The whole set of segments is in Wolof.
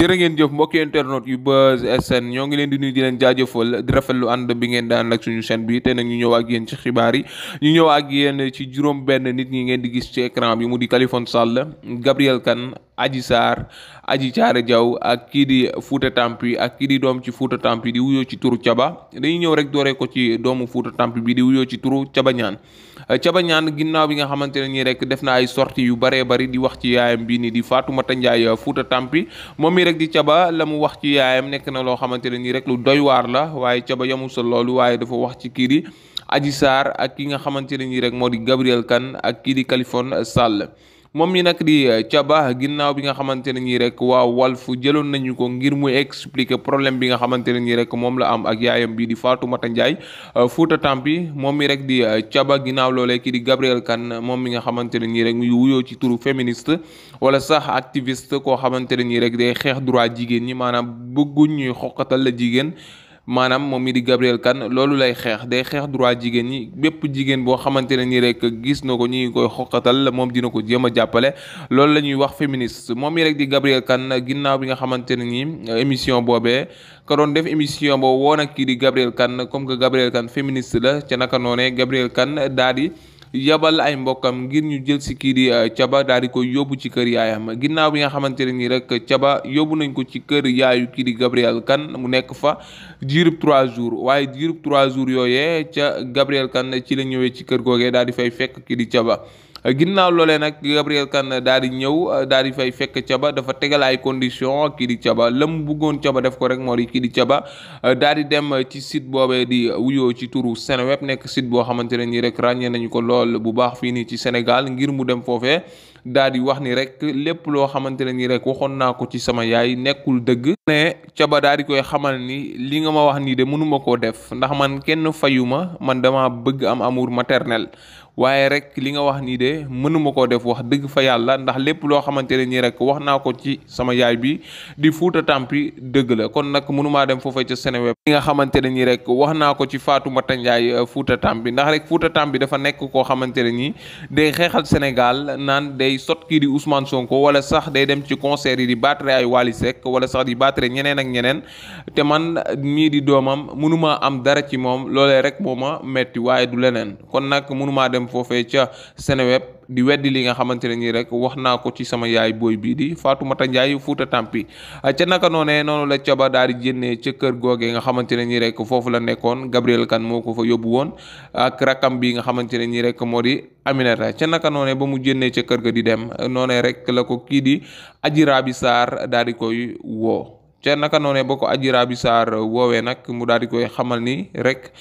jërë ngeen jëf mbokki internet yu Buzz SN ñoo ngi leen di nuyu di leen jaajëfal di rafetlu ànd bi ngeen daan ak suñu chaîne bi te nag ñu ñëw ak yéen ci xibaar yi ñu ñëw ak yéen ci juróom benn nit ñi ngeen di gis ci écran bi mu di Khaliphone Sall Gabriel Kane Adji Sarr Adji Thiaré Diaw ak kii di Fouta Tampi ak kii di doom ci Fouta Tampi di wuyoo ci turu caba dañuy ñëw rek dooree ko ci doomu Fouta Tampi bi di wuyoo ci turu Thiaba Niane Thiaba eh, Niane ginnaaw bi nga xamante ne nii rek def na ay sorties yu bëree bari di wax ci yaayam bii nii di Fatoumata Ndiaye eh, Fouta Tampi moom mi rek di Thiaba la mu wax ci yaayam nekk na loo xamante ne nii rek lu doy waar la waaye Thiaba yamul sa loolu waaye dafa wax ci kii di Adji Sarr ak ki nga xamante ne nii rek moo di Gabriel Kane ak kii di Kaliphone Sall moom mi nag di caba eh, ginnaaw bi nga xamante ne nii rek waa fu jëloon nañu ko ngir mu expliquer problème bi nga xamante ne nii rek moom la am ak yaayam bi di Fatoumata Ndiaye eh, Fouta Tampi moom mi rek di caba eh, ginnaaw loole kii di Gabriel Kane moom mi nga xamante ne nii rek yu wuyoo ci turu féministe wala sax activiste koo xamante ne nii rek day xeex droit jigéen ñi maanaam bëgguñ ñuy xoqatal la jigéen maanaam moom mi di Gabrielle Kane loolu lay xeex day xeex droit jigéen ñi bépp jigéen boo xamante ne nii rek gis na ko ñu ngi koy xoqatal moom dina ko jéem a jàppale loolu la ñuy wax féministe moom yi rek di Gabrielle Kane ginnaaw bi nga xamante ne nii émission boobee ka doon def émission boobu woo ak kii di Gabrielle Kane comme que Gabrielle Kane féministe la ca naka noonee Gabrielle Kane daal di yebal ay mbokkam ngir ñu jël si kii di caba euh, daal di ko yóbbu ci kër yaayam ginnaaw bi nga xamante ne nii rek caba yóbbu nañ ko ci kër yaayu kii di Gabriel kan mu nekk fa diirub trois jours waaye diirub trois jours yooyee ca Gabriel Kane ci la ñëwee ci kër googee daal di fay fekk kii di caba ginnaaw loole nag Gabriel Kane daal di ñëw daal fay fekk Thiaba dafa tegal ay condition kii di caba la mu bëggoon Thiaba def ko rek moo di kii di Thiaba daal di dem ci site boobee di wuyoo ci turu Seneweb nekk site boo xamante ne nii rek ràññee nañu ko lool bu baax fii nii ci Sénégal ngir mu dem foofee daal di wax ni rek lépp loo xamante ne nii rek waxoon naa ko ci sama yaay nekkul dëgg caba Thiaba daal di koy xamal ni li nga ma wax nii de mënuma koo def ndax man kenn fayu ma man dama bëgg am amour maternel waaye rek li nga wax nii de mënuma koo def wax dëgg fa yàlla ndax lépp loo xamante ne nii rek wax naa ko ci sama yaay bi di Fuuta Tampi dëgg la kon nag mënumaa dem foofee ca Seneweb li nga xamante ne nii rek wax naa ko ci Fatoumata Ndiaye euh, Fuuta Tampi ndax rek Fuuta Tampi dafa nekk koo xamante ne nii day xeexal Sénégal naan day sot kii di Ousmane Sonko wala sax day dem ci concert yi di battre ay Wally Seck wala sax di battre ñeneen ak ñeneen te man mii di doomam mënuma am dara ci moom loole rek moo ma metti waaye du leneen kon nag mënumaa dem foofee ca Seneweb di weddi li nga xamante ne nii rek wax naa ko ci sama yaay booy bii di Fatoumata Ndiaye Fouta Tampi ca naka noone noonu la caba ba daal di génnee ca kër googee nga xamante ne nii rek foofu la nekkoon Gabriel kan moo ko fa yóbbu woon ak rakam bi nga xamante ne nii rek moo di Aminata ca naka noonee ba mu génnee ca kër ga di dem noone rek la ko kii di Adji Raby Sarr daal di koy woo. ca naka noonee ba ko Adji Raby Sarr woowee nag mu daal di koy xamal ni rek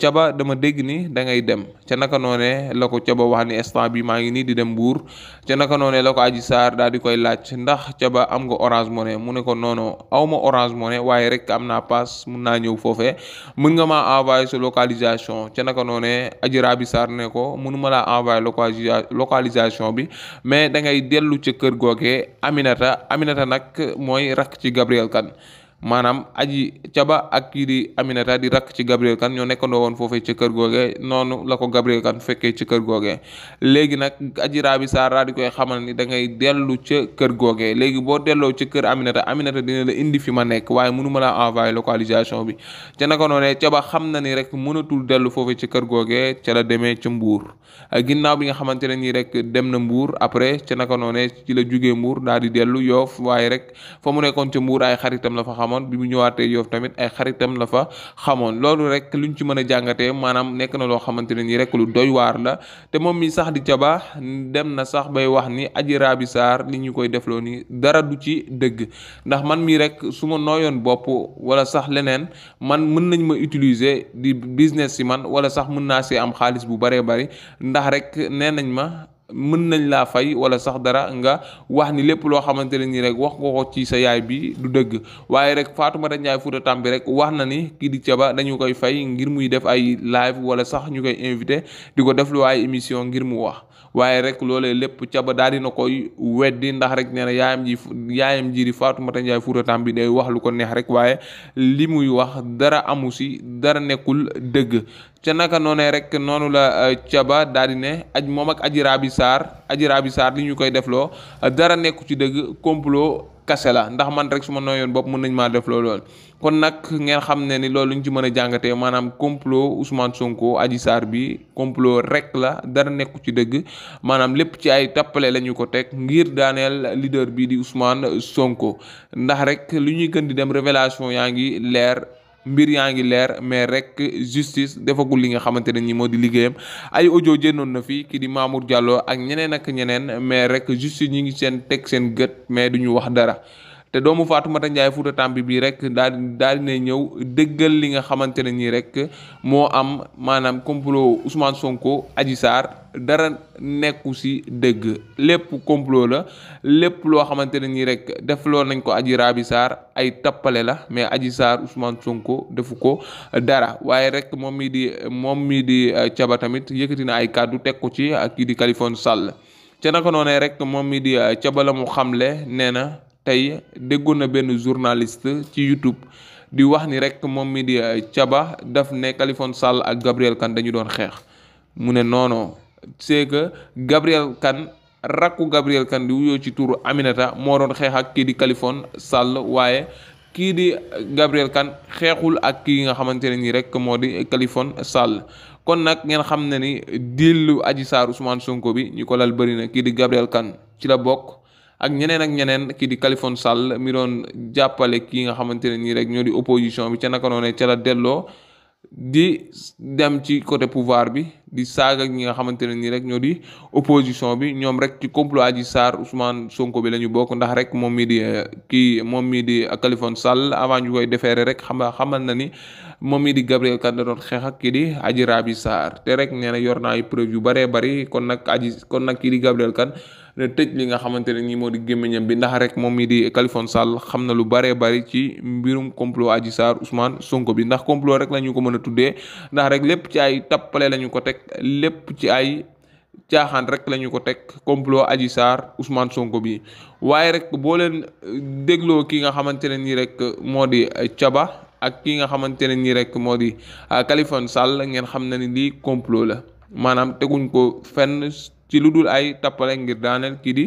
caba eh, dama dégg ni da ngay dem ca naka noonee la ko caba wax ni instant bi maa ngi nii di dem Mbuur ca naka noonee la ko Adji Sarr daal di koy laaj ndax caba am nga Orange Money mu ne ko noono aw ma Orange Money waaye rek am naa paas mun naa ñëw foofee mën nga ma envoyé sa localisation ca naka noonee Adji Raby Sarr ne ko mënuma laa envoyé localisation bi mais da ngay dellu ca kër googee Aminata Aminata nag mooy rak ci Gabriel Gabriel Kane maanaam aji caba ak kii di Aminata di rakk ci Gabriel kan ñoo nekkandoo woon foofee ci kër googee noonu la ko Gabriel Kane fekkee ci kër googee léegi nag aji Rabi Sarr daa di koy xamal ni da ngay dellu ca kër googee léegi boo delloo ci kër Aminata Aminata dina la indi fi ma nekk waaye mënu ma laa envoyé localisation bi ca naka noonee caba xam na ni rek mënatul dellu foofee ci kër googee ca la demee ca Mbour ginnaaw bi nga xamante ne nii rek dem na mbuur après ca naka noonee ci la jugee Mbour daal di dellu Yoff waaye rek xamoon bi mu ñëwaatee Yoff tamit ay xaritam la fa xamoon loolu lu ñu ci mën a jàngatee maanaam nekk na loo xamante ne nii rek lu doy waar la te moom mii sax di caba dem na sax bay wax ni Adji Raby Sarr li ñu koy defloo nii dara du ci dëgg ndax man mii rek suma nooyoon bopp wala sax leneen man mën nañ ma utiliser di business si man wala sax mën naa see am xaalis bu bëree bëri ndax rek nee ma mën nañ laa fay wala sax dara nga wax ni lépp loo xamante ne nii rek wax nga ko ci sa yaay bi du dëgg waaye rek Fatoumata Ndiaye Fouta bi rek wax na ni kii di Thiaba dañu koy fay ngir muy def ay live wala sax ñu koy invité di ko def émission ngir mu wax waaye rek loolee lépp Thiaba daal na koy weddi ndax rek nee na yaayam ji yaayam ji di Fatoumata Ndiaye Fouta Tampi day wax lu ko neex rek waaye li muy wax dara amu si dara nekkul dëgg ca naka noonee rek noonu la caba euh, daal di ne aj moom ak aji rabi saar aji rabi saar li ñu koy defloo euh, dara nekku ci dëgg complot kase la ndax man rek su ma nooyoon bopp mën nañ maa defloo lool kon nag ngeen xam ne ni loolu ñu ci mën a jàngatee maanaam complot usmaan Sonko aji saar bi complot rek la dara nekku ci dëgg maanaam lépp ci ay tappale la ñu ko teg ngir daaneel leader bi di Ousmane Sonko ndax rek li ñuy gën di dem révélation yaa ngi leer mbir yaa ngi leer mais rek justice defagul li nga xamante ne nii moo di liggéeyam ay audio jëndoon na fi kii di Mamour Diallo ak ñeneen ak ñeneen mais rek justice ñi ngi seen teg seen gët mais du ñu wax dara. te doomu Faatumata Njaay Fuuta Tampi bii rek daal daal dina ñëw dëggal li nga xamante ne nii rek moo am maanaam complot Ousmane Sonko aji Sarr dara nekku si dëgg lépp complot la lépp loo xamante ne nii rek def loo nañ ko Adji Rabi Sarr ay tappale la mais aji saar Ousmane Sonko defu ko dara waaye rek moom mi di moom mi di caba euh, tamit yëkkati na ay kàddu teg ko ci ak kii di Kaliphone Sall ca naka noonee rek moom mi di caba euh, la mu xamle nee na tey déggoon na benn journaliste ci YouTube di wax ni rek moom mi di euh, Thiaba daf ne Khaliphone Sall ak Gabriel kan dañu doon xeex mu ne noono c'est que Gabriel Kane rakku Gabriel Kane di wuyoo ci tuuru Aminata moo doon xeex ak kii di Khaliphone Sall waaye kii di euh, Gabriel kan xeexul ak kii nga xamante ne nii rek moo di Khaliphone Sall kon nag ngeen xam ne ni dillu aji Sarr Ousmane Sonko bi ñu ko lal bëri na kii di Gabriel kan ci la bokk ak ñeneen ak ñeneen kii di Kalifone Sall mi doon jàppale kii nga xamante ne nii rek ñoo di opposition bi ca naka noonu ca la delloo di dem ci côté pouvoir bi di saaga ñi nga xamante ne nii rek ñoo di opposition bi ñoom rek ci complot Adji saar Ousmane Sonko bi la ñu bokk ndax rek moom mii di eh, kii moom mii di Khaliphone Sall avant ñu koy defeere rek xam xamal na ni moom mii di Gabriel Kane da doon xeex kii di Adji Raby Sarr te rek nee yor naa ay preuve yu baree bari kon nag Adji kon nag kii di Gabriel Kane ne li nga xamante ne nii moo di gémmiñam bi ndax rek moom mii di Khaliphone Sall xam na lu baree bari ci mbirum complot Adji Sarr Ousmane bi ndax complot rek la ñu ko mën a tuddee ndax rek lépp ci ay tappale la ñu ko teg lépp ci ay caaxaan rek lañu ko teg complot Adji Sarr Ousmane Sonko bi waaye rek boo leen euh, dégloo ki nga xamante ne nii rek moo di euh, Thiaba ak ki nga xamante ne nii rek moo di euh, Kaliphone Sall ngeen xam na ni lii complot la maanaam teguñ ko fenn ci lu dul ay tappale ngir daaneel kii di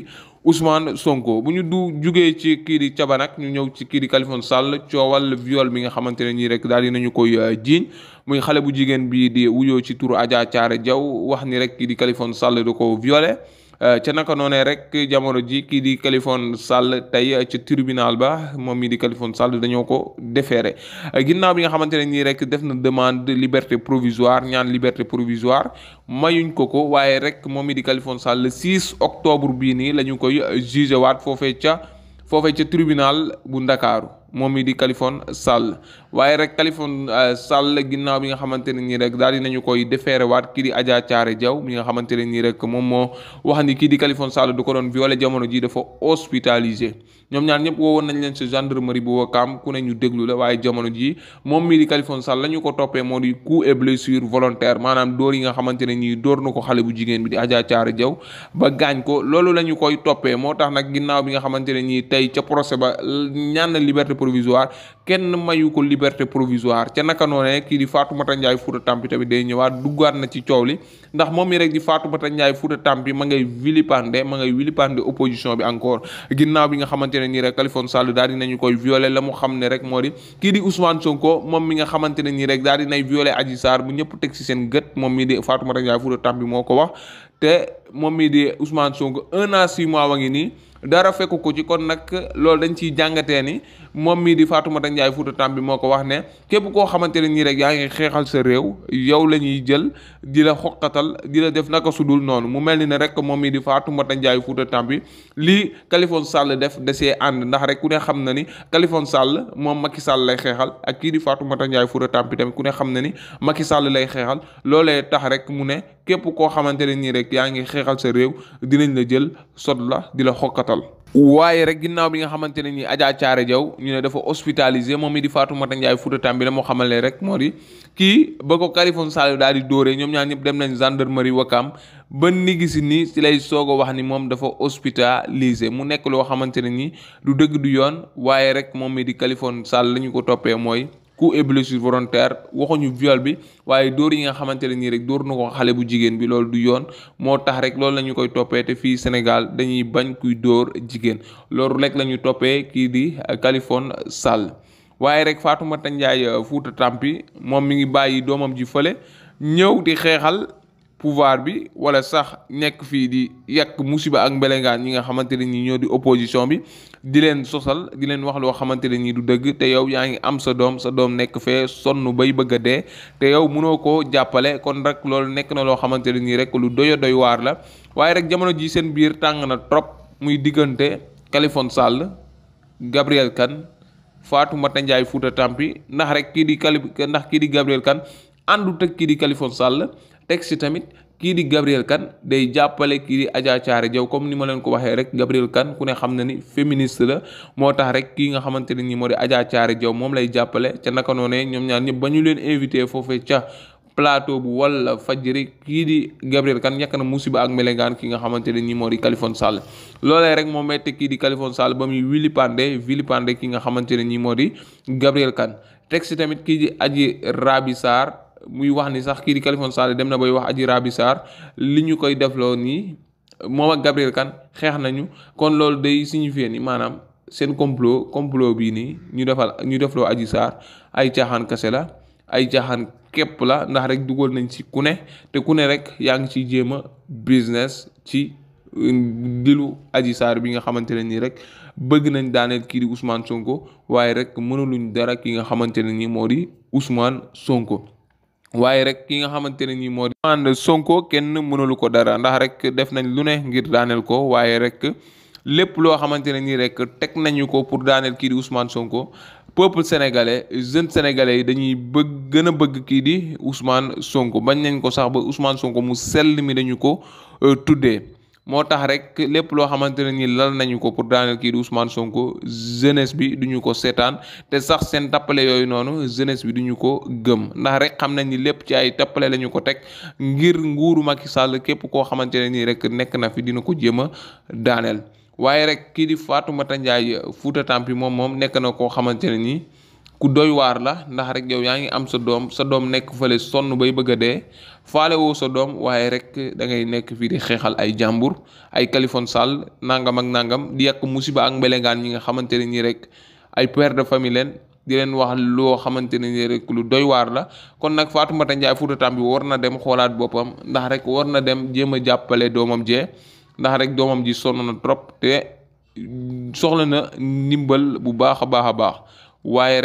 Ousmane Sonko bu ñu du jugee ci kii di caba ñu ñëw ci kii di Khalifa Sall coowal viol bi nga xamante ne nii rek daal di nañu koy euh, jiiñ muy xale bu jigéen bi di wuyoo ci turu Adja Thiaré Diaw wax ni rek kii di Khalifa Sall da ko violé Euh, ca naka noonee rek jamono ji kii di Kaliphone Sall tey ca tribunal ba moom mii di Kaliphone Sall dañoo ko déféré euh, ginnaaw bi nga xamante ne nii rek def na demande liberté provisoire ñaan liberté provisoire mayuñ ko ko waaye rek moom mii di Kaliphone Sall le 6 octobre bii nii la ñu koy jugé waat foofee ca foofee ca tribunal bu Ndakaaru moom mi di Kaliphone Sall waaye rek Kaliphone euh, Sall ginnaaw bi nga xamante ne nii rek daal di nañu koy defeere waat kii di Adja Thiaré Diaw mi nga xamante ne nii rek moom moo wax ni kii di Kaliphone Sall du ko doon violé jamono ji dafa hospitalisé ñoom ñaar ñëpp woowoon nañ leen si gendarmerie bu Wakaam ku ne ñu déglu la waaye jamono ji moom mii di Kaliphone Sall la ñu ko toppee moo di coup et blessure volontaire maanaam dóor yi nga xamante ne nii dóor na ko xale bu jigéen bi di Adja Thiaré Diaw ba gaañ ko la ñu koy toppee moo tax nag ginnaaw bi nga xamante ne nii tey ca procès provisoire kenn mayu ko liberté provisoire ca naka noonee kii di Fatoumata Ndiaye Fouta Tampi tamit day ñëwaat duggaat na ci coow li ndax moom mi rek di Fatoumata Ndiaye Fouta Tampi moo ko wax te moom mi di Ousmane Sonko un an six mois ngi nii dara fekku ko ci kon nag loolu dañ ciy jàngatee ni moom mii di Fatoumata Ndiaye Fouta Tampi moo ko wax ne képp koo xamante ne nii rek yaa ngi xeexal sa réew yow la ñuy jël di xoqatal di la def naka sudul noonu mu mel ni ne rek moom mii di Fatoumata Ndiaye Fouta Tampi lii Khalifa Sall def desee ànd ndax rek ku ne xam na ni Khalifa Sall moom Macky Sall lay xeexal ak kii di Fatoumata Ndiaye Fouta Tampi tamit ku ne xam na ni Macky Sall lay xeexal loolee tax rek mu ne képp koo xamante ne nii rek yaa ngi xeexal sa dinañ la jël sot la di la xoqatal waral. waaye rek ginnaaw bi nga xamante ne nii Adja Thiaré Diaw ñu ne dafa hospitalisé moom mi di Fatoumata Ndiaye Fouta bi la moo xamal ne rek moo di kii ba ko Kaliphone Sall daal di dóoree ñoom ñaan ñëpp dem nañ gendarmerie Wakam ba ni gisi nii ci lay soog a wax ni moom dafa hospitalisé mu nekk loo xamante ne nii du dëgg du yoon waaye rek moom mi di Kaliphone Sall la ñu ko toppee mooy coups et blessures volontaires waxuñu viol bi waaye dóor yi nga xamante ne nii rek dóor na ko xale bu jigéen bi loolu du yoon moo tax rek loolu lañu koy toppee te fii Sénégal dañuy bañ kuy dóor jigéen loolu rek la toppee kii di Kaliphone Sall waaye rek Fatoumata Ndiaye Fouta Tampi moom mi ngi bàyyi doomam ji fële ñëw di xeexal pouvoir bi wala sax nekk fii di yàq musiba ak mbelengaan ñi nga xamante ne nii ñoo di opposition bi di leen sosal di leen wax loo xamante ne nii du dëgg te yow yaa ngi am sa doom sa doom nekk fee sonn bay bëgg a dee te yow mënoo ko jàppale kon rek loolu nekk na loo xamante ne nii rek lu doyo doy waar la waaye rek jamono ji seen biir tàng na trop muy diggante Khaliphone Sall Gabriel Kane Fatoumata Ndiaye Fouta Tampi ndax rek kii di Kali ndax kii di Gabriel Kane àndut ak kii di Khaliphone Sall teg si tamit kii di Gabrielle kan day jàppale kii di Adja Thiaré comme ni ma leen ko waxee rek Gabrielle Kane ku ne xam na ni féministe la moo tax rek kii nga xamante ne nii moo di Adja Thiaré Diaw moom lay jàppale ca naka noonee ñoom ñaar ñëpp ba ñu leen invité foofee ca plateau bu wala fajiri kii di Gabrielle Kane ñàkk na musiba ak melengaan ki nga xamante ne nii moo di Kalifon Sall loolee rek moo metti kii di Kalifon Sall ba muy vilipande vilipande ki nga xamante ne nii moo di Gabrielle Kane teg si tamit kii di Adji Rabi Sarr muy wax ni sax kii di Khalifa Sall dem na bay wax Adji rabi saar li ñu koy defloo nii moom ak Gabriel Kane xeex nañu kon loolu day signifier ni maanaam seen complot complot bii nii ñu defal ñu defloo aji saar ay caaxaan kase la ay caaxaan képp la ndax rek dugal nañ ci ku ne te ku ne rek yaa ngi ciy jéem a business ci euh, dilu aji saar bi nga xamante ne nii rek bëgg nañ daaneel kii di Ousmane Sonko waaye rek mënuluñ dara ki nga xamante ne nii moo di Ousmane Sonko. waaye rek ki nga xamante ne nii moo di ànd Sonko kenn mënalu ko dara ndax rek def nañ lu ne ngir daaneel ko waaye rek lépp loo xamante ne nii rek teg nañu ko pour daaneel kii di Ousmane Sonko peuple sénégalais jeune sénégalais yi dañuy bëgg gën a bëgg kii di Ousmane Sonko bañ nañ ko sax ba Ousmane Sonko mu sell mi dañu ko euh, tuddee. moo tax rek lépp loo xamante ne ni lal nañu ko pour daaneel kii di Ousmane Sonko jeunesse bi duñu ko seetaan te sax seen tappale yooyu noonu jeunesse bi duñu ko gëm ndax rek xam nañ ni lépp ci ay tappale la ko teg ngir nguuru Macky képp koo xamante ne nii rek nekk na fi dina ko jéem a daaneel waaye rek kii di Fatoumata Ndiaye Fouta Tampi moom moom nekk na koo xamante ne nii ku doy waar la ndax rek yow yaa ngi am sa doom sa doom nekk fële sonn bay bëgg a dee faale woo sa doom waaye rek da ngay nekk fii di xeexal ay jàmbur ay Khaliphone Sall nangam ak nangam di yàq musiba ak mbelengaan ñi nga xamante ne nii rek ay père de famille leen di leen wax loo xamante ne nii rek lu doy waar la kon nag Fatoumata Ndiaye Fouta bi war na dem xoolaat boppam ndax rek war na dem jéem a jàppale doomam jee ndax rek doomam ji sonn na trop te soxla na ndimbal bu baax a baax a baax